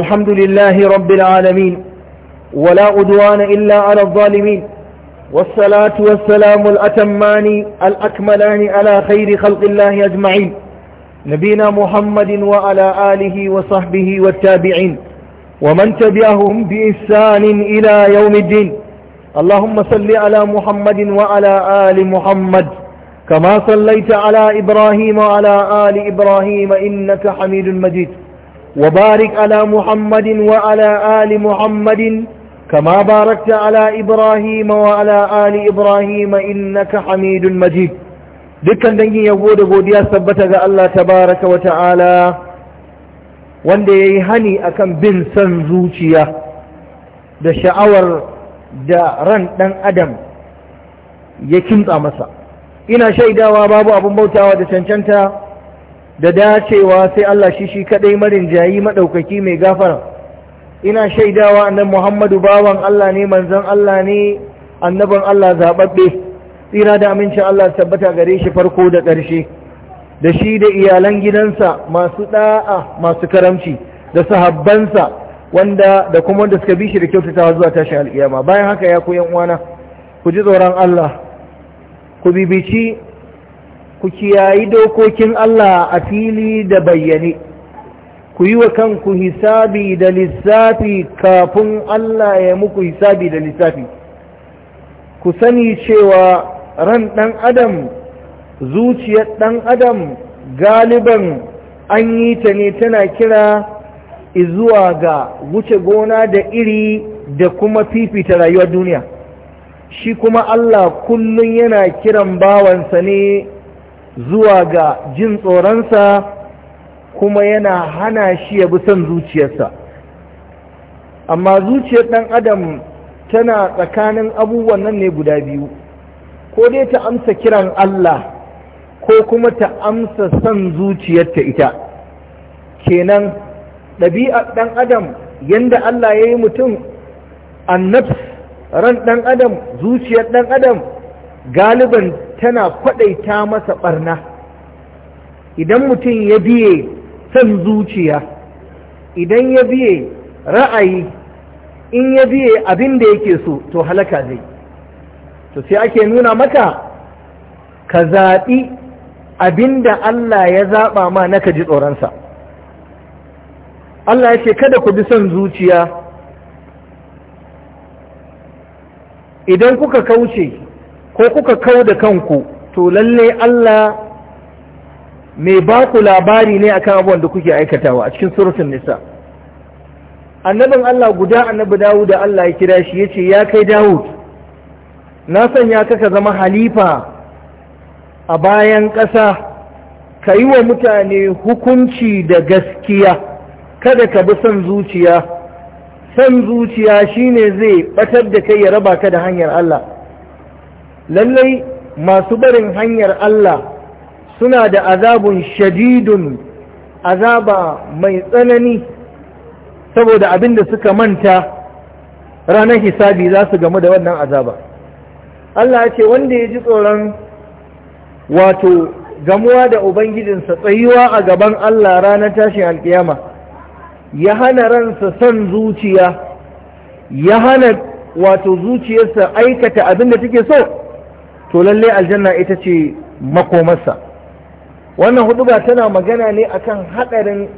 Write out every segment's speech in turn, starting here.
الحمد لله رب العالمين ولا أدوان إلا على الظالمين والصلاة والسلام الأتمان الأكملان على خير خلق الله أجمعين نبينا محمد وعلى آله وصحبه والتابعين ومن تبعهم بإحسان إلى يوم الدين اللهم صل على محمد وعلى آل محمد كما صليت على إبراهيم وعلى آل إبراهيم إنك حميد مجيد وبارك على محمد وعلى آل محمد كما باركت على إبراهيم وعلى آل إبراهيم إنك حميد مجيد dukkan dangin yabo da godiya sabbata ga Allah tabaraka wa ta'ala wanda ya yi hani akan bin son zuciya da sha'awar da ran ɗan adam ya kintsa masa ina shaidawa babu abin bautawa da cancanta da dacewa sai Allah shi shi kadai marin jayi madaukaki mai gafara ina shaidawa annabi Muhammadu bawan Allah ne manzon Allah ne annaban Allah zababbe tsira da amincin Allah tabbata gare shi farko da ƙarshe da shi da iyalan gidansa masu da'a masu karamci da sahabbansa wanda da kuma wanda suka bi shi da kyautatawa zuwa tashin al'iyama bayan haka ya koyan uwana ku ji tsoron Allah ku bibici ku kiyayi dokokin Allah a fili da bayyane ku yi wa kanku hisabi da lissafi kafin Allah ya muku hisabi da lissafi ku sani cewa ran ɗan adam zuciyar ɗan adam galiban an yi ta ne tana kira izuwa ga wuce gona da iri da kuma fifita rayuwar duniya shi kuma Allah kullum yana kiran bawansa ne zuwa ga jin tsoronsa kuma yana hana shi ya bi son zuciyarsa amma zuciyar ɗan adam tana tsakanin abubuwan nan ne guda biyu ko dai ta amsa kiran Allah ko kuma ta amsa son zuciyarta ita kenan ɗabi'ar ɗan adam yadda Allah ya yi mutum annabs ran ɗan adam zuciyar ɗan adam galiban tana kwaɗaita masa ɓarna idan mutum ya biye son zuciya idan ya biye ra'ayi in ya biye abin da yake so to halaka zai to sai ake nuna maka ka zaɓi abin da Allah ya zaɓa ma na ka ji tsoronsa Allah ya ce kada ku bi son zuciya idan kuka kauce ko kuka kau da kanku to lalle Allah mai ba ku labari ne akan abubuwan da kuke aikatawa a cikin surutun nisa annabin Allah guda annabi Dawud da Allah ya kira shi ya ce ya kai Dawud na sanya ka ka zama halifa a bayan ƙasa ka yi wa mutane hukunci da gaskiya kada ka bi son zuciya son zuciya shi ne zai batar da kai ya raba ka da hanyar Allah lallai masu barin hanyar Allah suna da azabun shadidun azaba mai tsanani saboda abin da suka manta ranar hisabi za su gamu da wannan azaba Allah ya ce wanda ya ji tsoron wato gamuwa da ubangijinsa tsayuwa a gaban Allah ranar tashin alkiyama ya hana ransa son zuciya ya hana wato zuciyarsa aikata abin da take so to lalle aljanna ita ce makomarsa wannan ba tana magana ne akan haɗarin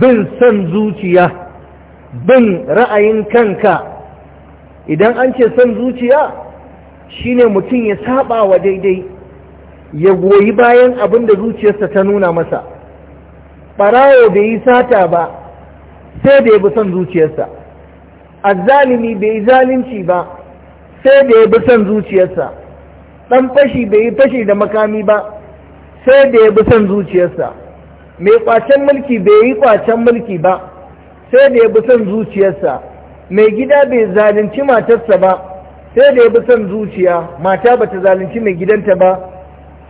bin son zuciya bin ra'ayin kanka idan an ce son zuciya shine mutum ya saba wa daidai ya goyi bayan abin da zuciyarsa ta nuna masa ɓarawo bai yi sata ba sai da ya bi son zuciyarsa zalimi bai yi zalunci ba sai da ya bi son zuciyarsa ɗan fashi bai yi fashi da makami ba sai da ya bi son zuciyarsa mai kwacen mulki bai yi kwacen mulki ba sai da ya bi son zuciyarsa mai gida bai zalunci matarsa ba sai da ya bi son zuciya mata ba ta zalunci mai gidanta ba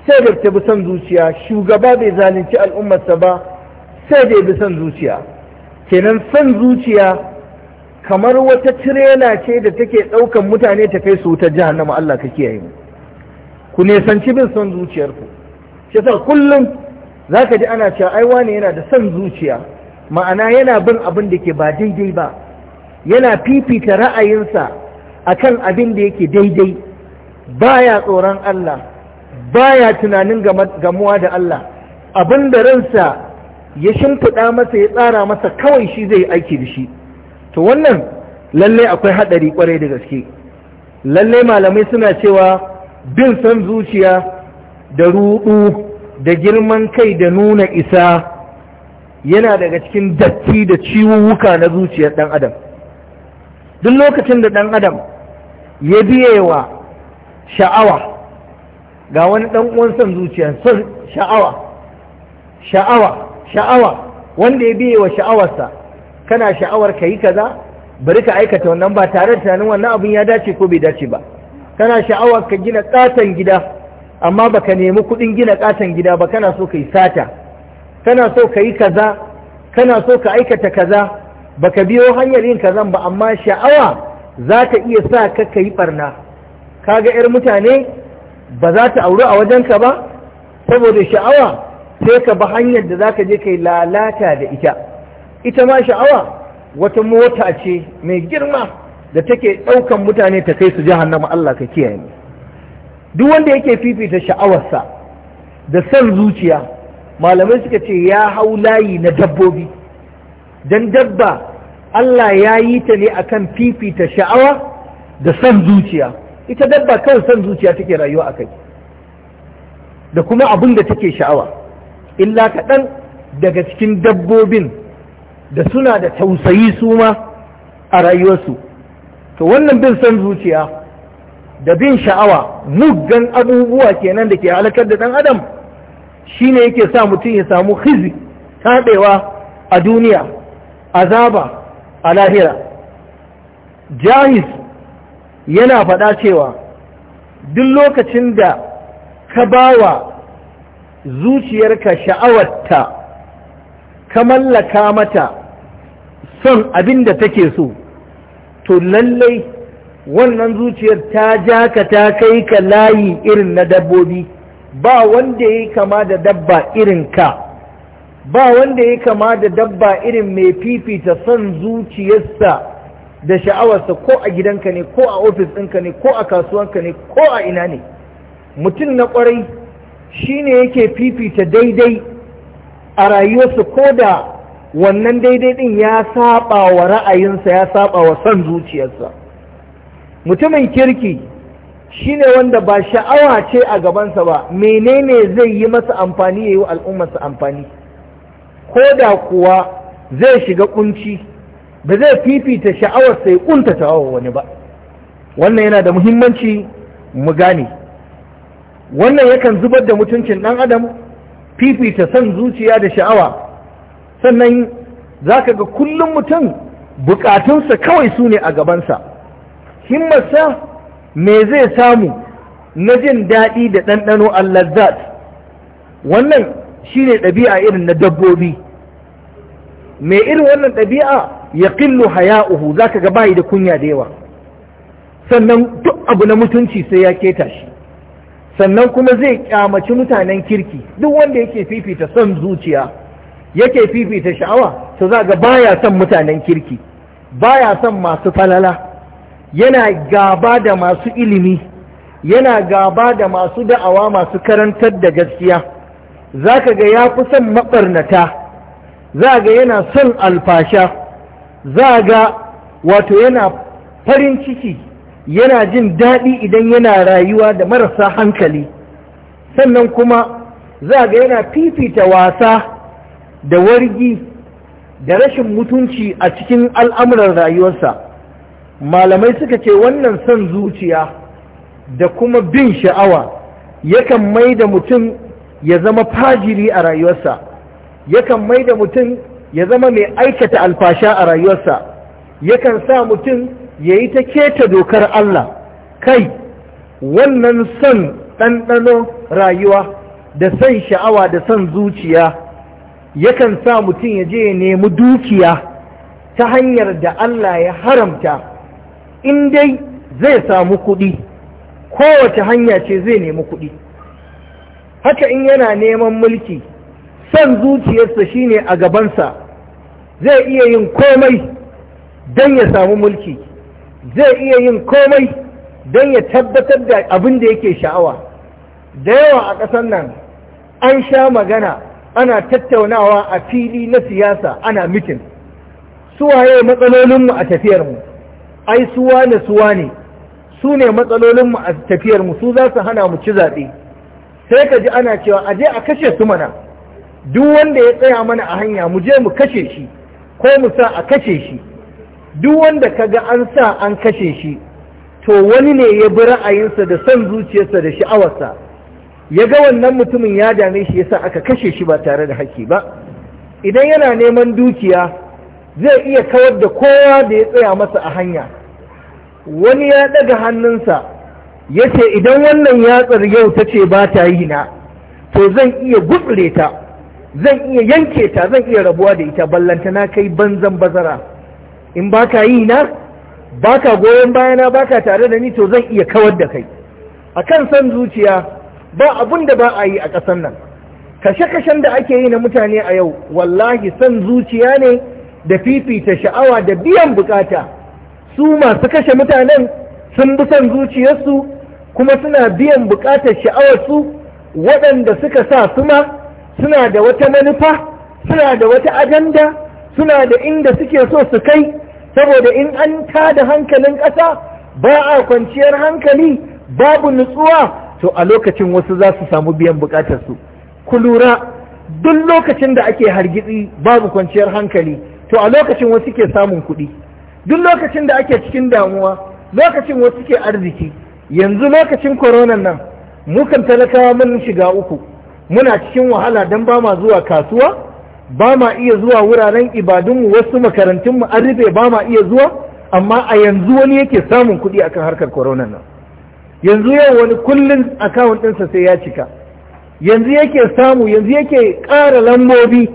sai da ta bi son zuciya shugaba bai zalunci al'ummarsa ba sai da ya bi son zuciya kenan son zuciya kamar wata tirela ce da take ɗaukan mutane ta kai su wutar jahannama Allah ka kiyaye mu ku nisanci bin son zuciyarku shi sa kullum zaka ji ana cewa aiwa ne yana da son zuciya ma'ana yana bin abin da ke ba daidai ba yana fifita ra'ayinsa a kan abin da yake daidai baya tsoron Allah baya tunanin gamuwa da Allah abin da ransa ya shimfiɗa masa ya tsara masa kawai shi zai aiki da shi to wannan lallai akwai haɗari kwarai da gaske Lallai malamai suna cewa bin san zuciya da ruɗu da girman kai da nuna isa yana daga cikin datti da ciwuwuka na zuciyar ɗan adam duk lokacin da ɗan adam ya biye wa sha'awa ga wani ɗan uwan son zuciya son sha'awa sha'awa sha'awa wanda ya biye wa sha'awarsa kana sha'awar ka yi kaza bari ka aikata wannan ba tare da tunanin wannan abin ya dace ko bai dace ba kana sha'awar ka gina katon gida amma baka nemi kuɗin gina katon gida ba kana so ka yi sata kana so ka yi kaza kana so ka aikata kaza baka biyo hanyar yin kazan ba amma sha'awa za ta iya sa ka ka yi Ka ga 'yar mutane ba za ta auri a wajenka ba saboda sha'awa sai ka ba hanyar da za ka je ka yi lalata da ita ita ma sha'awa wata mota ce mai girma da take ɗaukan mutane ta kai su jahannama Allah ka kiyaye mu duk wanda yake fifita sha'awarsa da san zuciya malamai suka ce ya hau layi na dabbobi don dabba Allah ya yi ta ne akan fifita sha'awa da son zuciya ita dabba kawai son zuciya take rayuwa a kai da kuma abin da take sha'awa illa kaɗan daga cikin dabbobin da suna da tausayi su ma a rayuwarsu to wannan bin son zuciya da bin sha'awa muggan abubuwa kenan da ke halakar da ɗan adam shine yake sa mutum ya samu khizi taɗewa a duniya azaba a lahira jahis yana faɗa cewa duk lokacin da ka ba wa zuciyarka sha'awarta ka mallaka mata son abin da take so to lallai wannan zuciyar ta ja ka ta kai ka layi irin na dabbobi ba wanda ya kama da dabba irin ka ba wanda ya kama da dabba irin mai fifita son zuciyarsa da sha'awarsa ko a gidanka ne ko a ofis ɗinka ne ko a kasuwanka ne ko a ina ne mutum na ƙwarai shine yake fifita daidai a rayuwarsa ko da wannan daidai din ya saba wa ra'ayinsa ya saba wa son zuciyarsa mutumin kirki shine wanda ba sha'awa ce a gabansa ba menene zai yi masa amfani ya yi wa al'ummarsa amfani ko da kuwa zai shiga kunci ba zai fifita sha'awarsa ya ta wa wani ba wannan yana da muhimmanci mu gane wannan yakan zubar da mutuncin ɗan adam fifita son zuciya da sha'awa sannan za ka ga kullum mutum bukatunsa kawai su ne a gabansa himmarsa me zai samu na jin daɗi da ɗanɗano allazzat wannan shi ne ɗabi'a irin na dabbobi mai irin wannan ɗabi'a ya ƙillu haya'uhu za ka ga bayi da kunya da yawa sannan duk abu na mutunci sai ya keta shi sannan kuma zai ƙyamaci mutanen kirki duk wanda yake fifita son zuciya yake fifita sha'awa to za ga baya son mutanen kirki baya son masu falala yana gaba da masu ilimi yana gaba da masu da'awa masu karantar da gaskiya za ka ga ya fi son maɓarnata za ga yana son alfasha za ga wato yana farin ciki yana jin daɗi idan yana rayuwa da marasa hankali sannan kuma za ga yana fifita wasa da wargi da rashin mutunci a cikin al'amuran rayuwarsa malamai suka ce wannan son zuciya da kuma bin sha'awa yakan mai da mutum ya zama fajiri a rayuwarsa yakan mai da mutum ya zama mai aikata alfasha a rayuwarsa yakan sa mutum ya yi ta keta dokar Allah kai wannan son ɗanɗano rayuwa da son sha'awa da son zuciya yakan sa mutum ya je ya nemi dukiya ta hanyar da Allah ya haramta in dai zai samu kuɗi kowace hanya ce zai nemi kuɗi haka in yana neman mulki son zuciyarsa shine a gabansa zai iya yin komai don ya samu mulki zai iya yin komai don ya tabbatar da abin da yake sha'awa da yawa a ƙasar nan an sha magana ana tattaunawa a fili na siyasa ana mitin suwaye matsalolinmu a tafiyarmu ai suwa ne suwa ne su ne matsalolinmu a tafiyarmu su za su hana mu ci zaɓe sai ka ji ana cewa a je a kashe su mana duk wanda ya tsaya mana a hanya mu je mu kashe shi ko mu sa a kashe shi duk wanda ka ga an sa an kashe shi to wani ne ya bi ra'ayinsa da son zuciyarsa da sha'awarsa ya ga wannan mutumin ya dame shi yasa aka kashe shi ba tare da haƙƙi ba idan yana neman dukiya zai iya kawar da kowa da ya tsaya masa a hanya wani ya ɗaga hannunsa ya ce idan wannan yatsar yau ta ce ba ta yi na to zan iya gutsure ta zan iya yanke ta zan iya rabuwa da ita ballanta na kai banzan bazara in ba ka yi na ba ka goyon bayana ba ka tare da ni to zan iya kawar da kai a kan son zuciya ba abun da ba a yi a ƙasar nan kashe-kashen da ake yi na mutane a yau wallahi son zuciya ne da fifita sha'awa da biyan bukata su masu kashe mutanen sun bi son zuciyarsu kuma suna biyan bukatar sha'awarsu waɗanda suka sa suma suna da wata manufa suna da wata aganda suna da inda suke so su kai saboda in an da hankalin ƙasa ba a kwanciyar hankali babu nutsuwa to a lokacin wasu za su samu biyan bukatar su ku lura duk lokacin da ake hargitsi babu kwanciyar hankali to a lokacin wasu ke samun kuɗi duk lokacin da ake cikin damuwa lokacin wasu ke arziki yanzu lokacin koronan nan mukan talakawa mun shiga uku muna cikin wahala don ba ma zuwa kasuwa ba ma iya zuwa wuraren ibadunmu wasu makarantunmu an rufe ba ma iya zuwa amma a yanzu wani yake samun kuɗi akan harkar koronan nan yanzu yau wani kullum akawun ɗinsa sai ya cika yanzu yake samu yanzu yake ƙara lambobi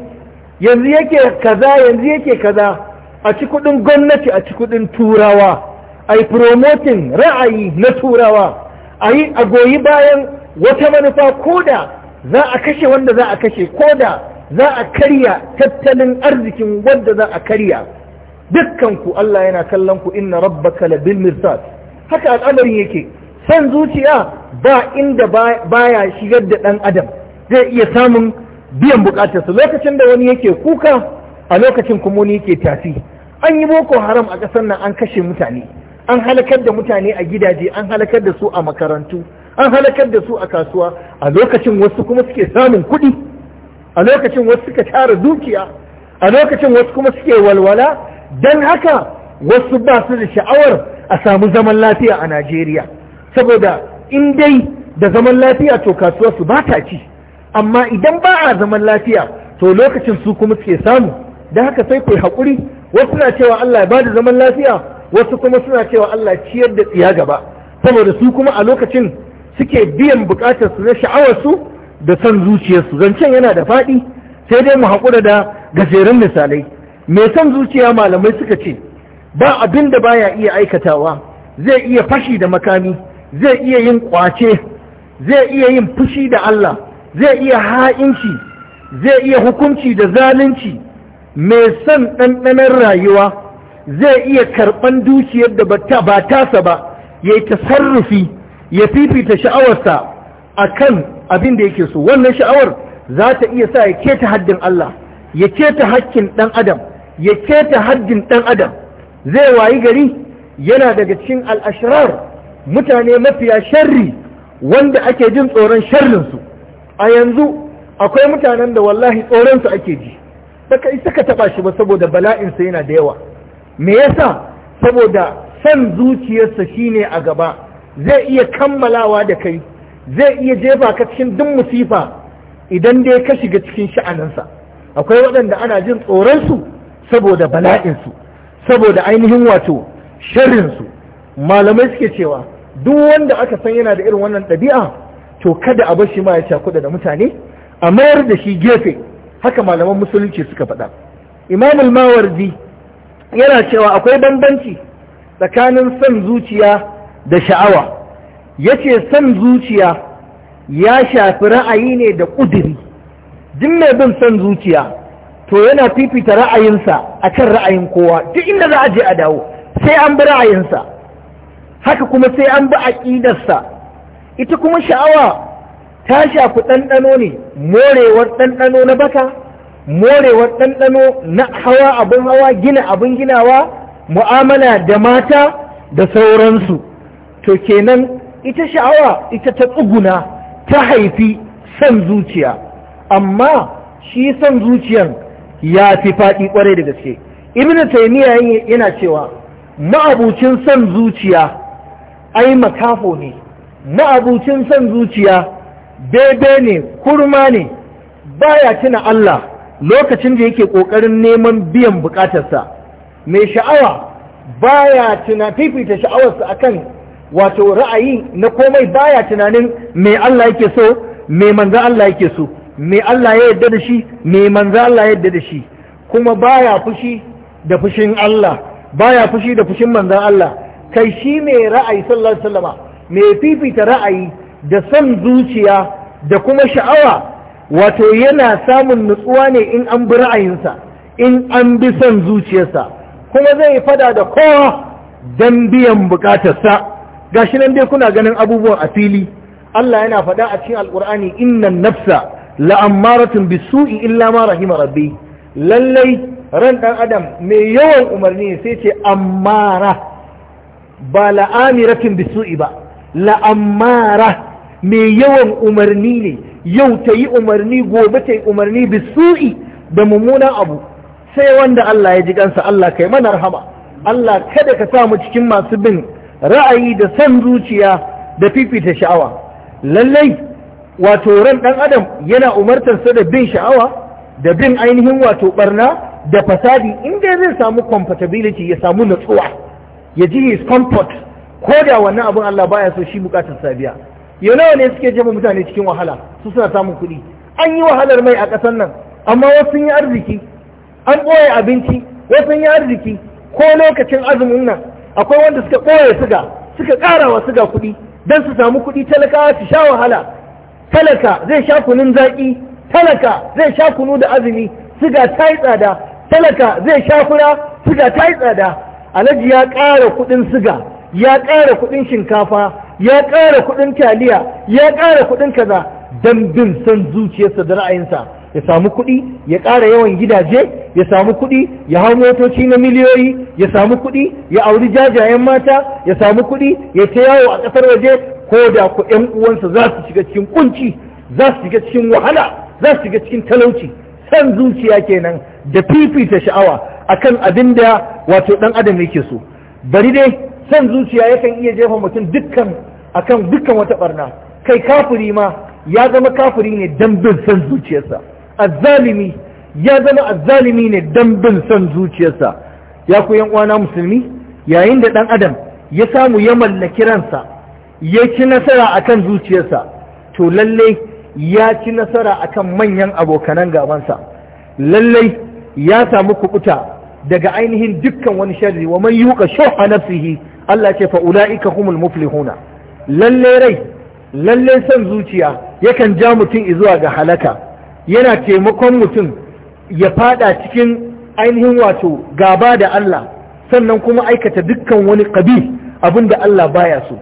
yanzu yake kaza yanzu yake kaza a ci kuɗin gwamnati a ci kuɗin turawa a yi promotin ra'ayi na turawa a yi a goyi bayan wata manufa koda za a kashe wanda za a kashe koda za a karya tattalin arzikin wanda za a karya dukkanku Allah yana kallon ku inna rabbaka labil mirsad haka al'amarin yake san zuciya ba inda baya shigar da ɗan adam zai iya samun biyan bukatarsa lokacin da wani yake kuka a lokacin kuma wani yake tafi an yi boko haram a ƙasar nan an kashe mutane an halakar da mutane a gidaje an halakar da su a makarantu an halakar da su a kasuwa a lokacin wasu kuma suke samun kuɗi a lokacin wasu suka tara dukiya a lokacin wasu kuma suke walwala don haka wasu ba su da sha'awar a samu zaman lafiya a najeriya saboda in dai da zaman lafiya to kasuwar su ba ta ci amma idan ba a zaman lafiya to lokacin su kuma suke samu da haka sai ku haƙuri wasu na cewa Allah ya ba da zaman lafiya wasu kuma suna cewa Allah ciyar da tsiya gaba saboda su kuma a lokacin suke biyan bukatar su na sha'awar su da son zuciyarsu zancen yana da faɗi sai dai mu haƙura da gajeren misalai mai son zuciya malamai suka ce ba abin da baya iya aikatawa zai iya fashi da makami zai iya yin kwace zai iya yin fushi da Allah zai iya ha'inci zai iya hukunci da zalunci mai son ɗanɗanar rayuwa zai iya karɓan dukiyar da ba tasa ba ya yi tasarrufi ya fifita sha'awarsa a kan abin da yake so wannan sha'awar za ta iya sa ya keta haddin Allah ya keta haƙƙin ɗan adam ya keta haddin ɗan adam zai wayi gari yana daga cikin al'ashirar mutane mafiya sharri wanda ake jin tsoron sharrinsu a yanzu akwai mutanen da wallahi tsoronsu ake ji baka isa ka taba shi ba saboda bala'insa yana da yawa me yasa saboda san zuciyarsa shine a gaba zai iya kammalawa da kai zai iya jefa ka cikin duk musifa idan dai ka shiga cikin sha'aninsa akwai waɗanda ana jin tsoronsu saboda bala'insu saboda ainihin wato sharrinsu malamai suke cewa duk wanda aka san yana da irin wannan ɗabi'a to kada a bar shi ma ya kuɗa da mutane a mayar da shi gefe haka malaman musulunci suka faɗa imam al-mawardi yana cewa akwai bambanci tsakanin son zuciya da sha'awa yace son zuciya ya shafi ra'ayi ne da ƙudiri duk mai bin son zuciya to yana fifita ra'ayinsa akan ra'ayin kowa duk inda za a je a dawo sai an bi ra'ayinsa haka kuma sai an bi aƙidarsa ita kuma sha'awa ta shafi ɗanɗano ne morewar ɗanɗano na baka morewar ɗanɗano na hawa abin hawa gina abin ginawa mu'amala da mata da sauransu to kenan ita sha'awa ita ta tsuguna ta haifi son zuciya amma shi son zuciyan ya fi faɗi ƙwarai da gaske ibn taymiya yana cewa ma'abucin son zuciya ai makafo ne ma'abucin son zuciya bebe ne kurma ne baya tuna Allah lokacin da yake ƙoƙarin neman biyan buƙatarsa mai sha'awa baya tuna fifita sha'awarsa akan wato ra'ayi na komai baya tunanin me Allah yake so me manzo Allah yake so me Allah ya yarda da shi me manzo Allah ya yarda da shi kuma baya fushi da fushin Allah baya fushi da fushin manzo Allah kai shi mai ra'ayi sallallahu alaihi mai fifita ra'ayi da son zuciya da kuma sha'awa wato yana samun nutsuwa ne in an bi ra'ayinsa in an bi son zuciyarsa kuma zai fada da kowa don biyan bukatarsa gashi nan dai kuna ganin abubuwan a fili Allah yana faɗa a cikin alkur'ani innan nafsa la'ammaratun bisu'i illa ma rahima rabbi lallai ran ɗan adam mai yawan umarni sai ce ammara ba la'amiratin bisu'i ba la'ammara mai yawan umarni ne yau ta yi umarni gobe ta yi umarni bisu'i da mummunan abu sai wanda Allah ya ji kansa Allah kai mana rahama Allah kada ka samu cikin masu bin ra'ayi da son zuciya da fifita sha'awa lallai wato ran ɗan adam yana umartar sa da bin sha'awa da bin ainihin wato barna da fasadi inda zai samu compatibility ya samu natsuwa ya ji his comfort ko da wannan abin Allah baya so shi bukatar sabiya yau nawa ne suke jefa mutane cikin wahala su suna samun kuɗi an yi wahalar mai a ƙasar nan amma wasu yi arziki an ɓoye abinci wasu yi arziki ko lokacin azumin nan akwai wanda suka ɓoye suga suka ƙara wa suga kuɗi don su samu kuɗi talaka su sha wahala talaka zai sha kunun zaƙi talaka zai sha kunu da azumi suga ta yi tsada talaka zai sha kura suga ta yi tsada alhaji ya ƙara kuɗin siga ya ƙara kuɗin shinkafa ya ƙara kuɗin taliya ya ƙara kuɗin kaza don bin son zuciyarsa da ra'ayinsa ya samu kuɗi ya ƙara yawan gidaje ya samu kuɗi ya hau motoci na miliyoyi ya samu kuɗi ya auri jajayen mata ya samu kuɗi ya ta yawo a ƙasar waje ko da ku ƴan uwansa za su shiga cikin ƙunci, za su shiga cikin wahala za su shiga cikin talauci san zuciya kenan da fifita sha'awa akan abin da wato ɗan adam yake so bari dai san zuciya yakan iya jefa mutum dukkan akan dukkan wata ɓarna. kai kafuri ma ya zama kafiri ne dan bin san zuciyarsa azzalimi ya zama azzalimi ne dan bin san zuciyarsa ya ku yan uwana musulmi yayin da ɗan adam ya samu ya mallaki ransa ya ci nasara akan zuciyarsa to lallai. ya ci nasara a kan manyan abokanan gabansa lallai ya samu kubuta daga ainihin dukkan wani sharri wa man yuka shuha nafsihi Allah ce fa ulaika humul muflihuna lallai rai lallai son zuciya yakan ja mutum zuwa ga halaka yana taimakon mutum ya fada cikin ainihin wato gaba da Allah sannan kuma aikata dukkan wani kabi abinda Allah baya so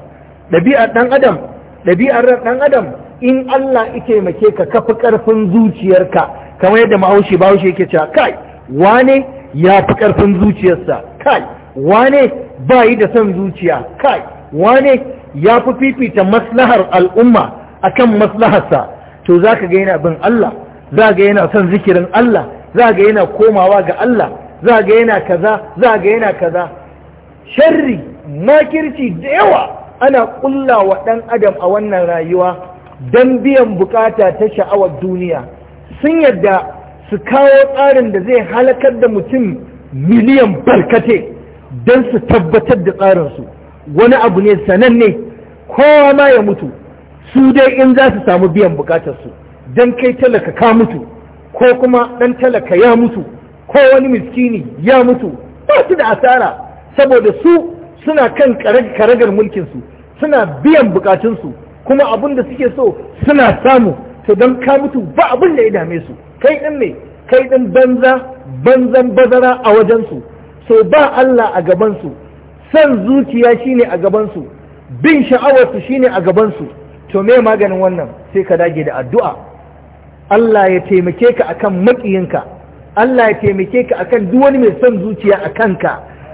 ɗabi'ar ɗan adam ɗabi'ar ɗan adam in Allah ya taimake ka kafi karfin zuciyarka kamar yadda mahaushe bahaushe yake cewa kai wane ya fi karfin zuciyarsa kai wane ba yi da son zuciya kai wane ya fi fifita maslahar al'umma akan maslaharsa to za ka ga yana bin Allah za ga yana son zikirin Allah za ga yana komawa ga Allah za ga yana kaza za ga yana kaza sharri makirci da yawa ana ƙulla wa ɗan adam a wannan rayuwa don biyan bukata ta sha'awar duniya sun yadda su kawo tsarin da zai halakar da mutum miliyan barkate don su tabbatar da tsarinsu wani abu ne sananne kowa ma ya mutu su dai in za su samu biyan bukatarsu don kai talaka ka mutu ko kuma ɗan talaka ya mutu ko wani miskini ya mutu ba su da asara saboda su suna kan karagar mulkinsu suna biyan bukatunsu kuma abin da suke so suna samu to don ka mutu ba abin da ya dame su kai din ne kai din banza banzan bazara a wajensu so ba Allah a gabansu san zuciya shine a gabansu bin sha'awarsu shine a gabansu to me maganin wannan sai ka dage da addu'a Allah ya taimake ka akan maƙiyinka Allah ya taimake ka akan duk wani mai son zuciya a kanka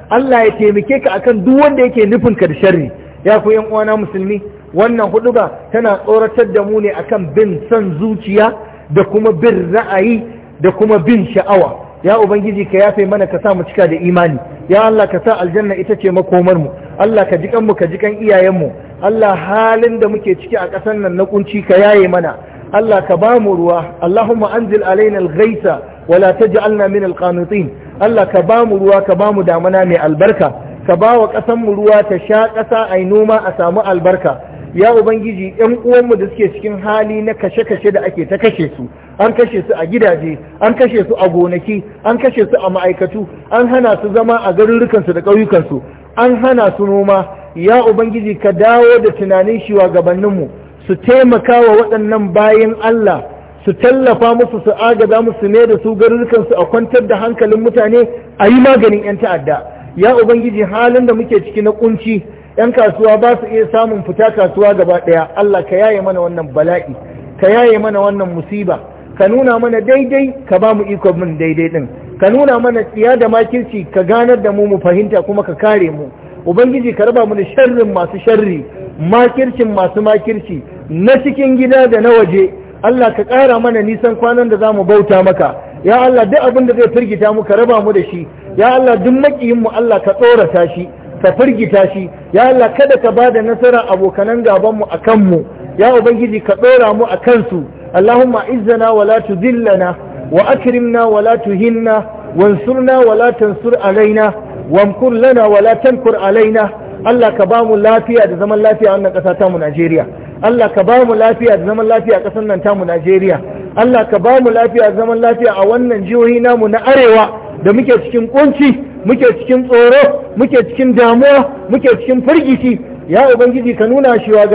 Allah ya taimake ka akan duk wanda yake nufin ka da sharri ya ku yan uwana musulmi wannan huduba tana tsoratar da mu ne akan bin son zuciya da kuma bin ra'ayi da kuma bin sha'awa ya ubangiji ka yafe mana ka sa mu cika da imani ya Allah ka sa aljanna ita ce makomar mu Allah ka jikan mu ka jikan iyayen mu Allah halin da muke ciki a ƙasar nan na kunci ka yaye mana Allah ka ba mu ruwa Allahumma anzil alaina al-ghaitha wa la taj'alna min al-qanitin Allah ka ba mu ruwa ka ba mu damana mai albarka ka ba wa ƙasar mu ruwa ta sha ƙasa ai noma a samu albarka ya ubangiji yan uwanmu da suke cikin hali na kashe-kashe da ake ta kashe su an kashe su a gidaje an kashe su a gonaki an kashe su a ma'aikatu an hana su zama a garurrukansu da ƙauyukansu an hana su noma ya ubangiji ka dawo da tunanin shi wa gabaninmu su taimaka wa waɗannan bayan Allah su tallafa musu su agaza musu ne da su garurrukansu a kwantar da hankalin mutane a yi maganin 'yan ta'adda ya ubangiji halin da muke ciki na kunci yan kasuwa ba su iya samun fita kasuwa gaba ɗaya Allah ka yaye mana wannan bala'i ka yaye mana wannan musiba ka nuna mana daidai ka ba mu ikon mun daidai din ka nuna mana tsiya da makirci ka ganar da mu mu fahimta kuma ka kare mu ubangiji ka raba mu da sharrin masu sharri makircin masu makirci na cikin gida da na waje Allah ka ƙara mana nisan kwanan da za mu bauta maka ya Allah duk abin da zai firgita mu ka raba mu da shi ya Allah duk maƙiyin mu Allah ka tsorata shi ka firgita shi ya Allah kada ka bada nasara abokanan gabanmu a kanmu ya ubangiji ka ɗora mu a kansu Allahumma izzana wa la tudillana wa akrimna wa la tuhinna wansurna wa la tansur alaina wamkur lana wa la tankur alaina Allah ka ba mu lafiya da zaman lafiya a wannan ƙasa ta mu Najeriya Allah ka ba mu lafiya da zaman lafiya a ƙasar nan ta mu Najeriya Allah ka ba mu lafiya da zaman lafiya a wannan jihohi namu na arewa da muke cikin kunci muke cikin tsoro muke cikin damuwa muke cikin firgici ya ubangiji ka nuna shi wa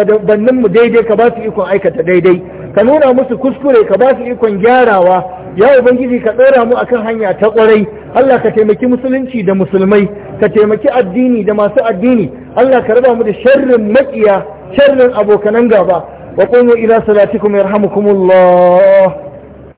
mu daidai ka ba su ikon aikata daidai ka nuna musu kuskure ka ba su ikon gyarawa ya ubangiji ka tsora mu akan hanya ta kwarai Allah ka taimaki musulunci da musulmai ka taimaki addini da masu addini Allah ka raba mu da sharrin makiya sharrin abokanan gaba wa qulu ila salatikum yarhamukumullah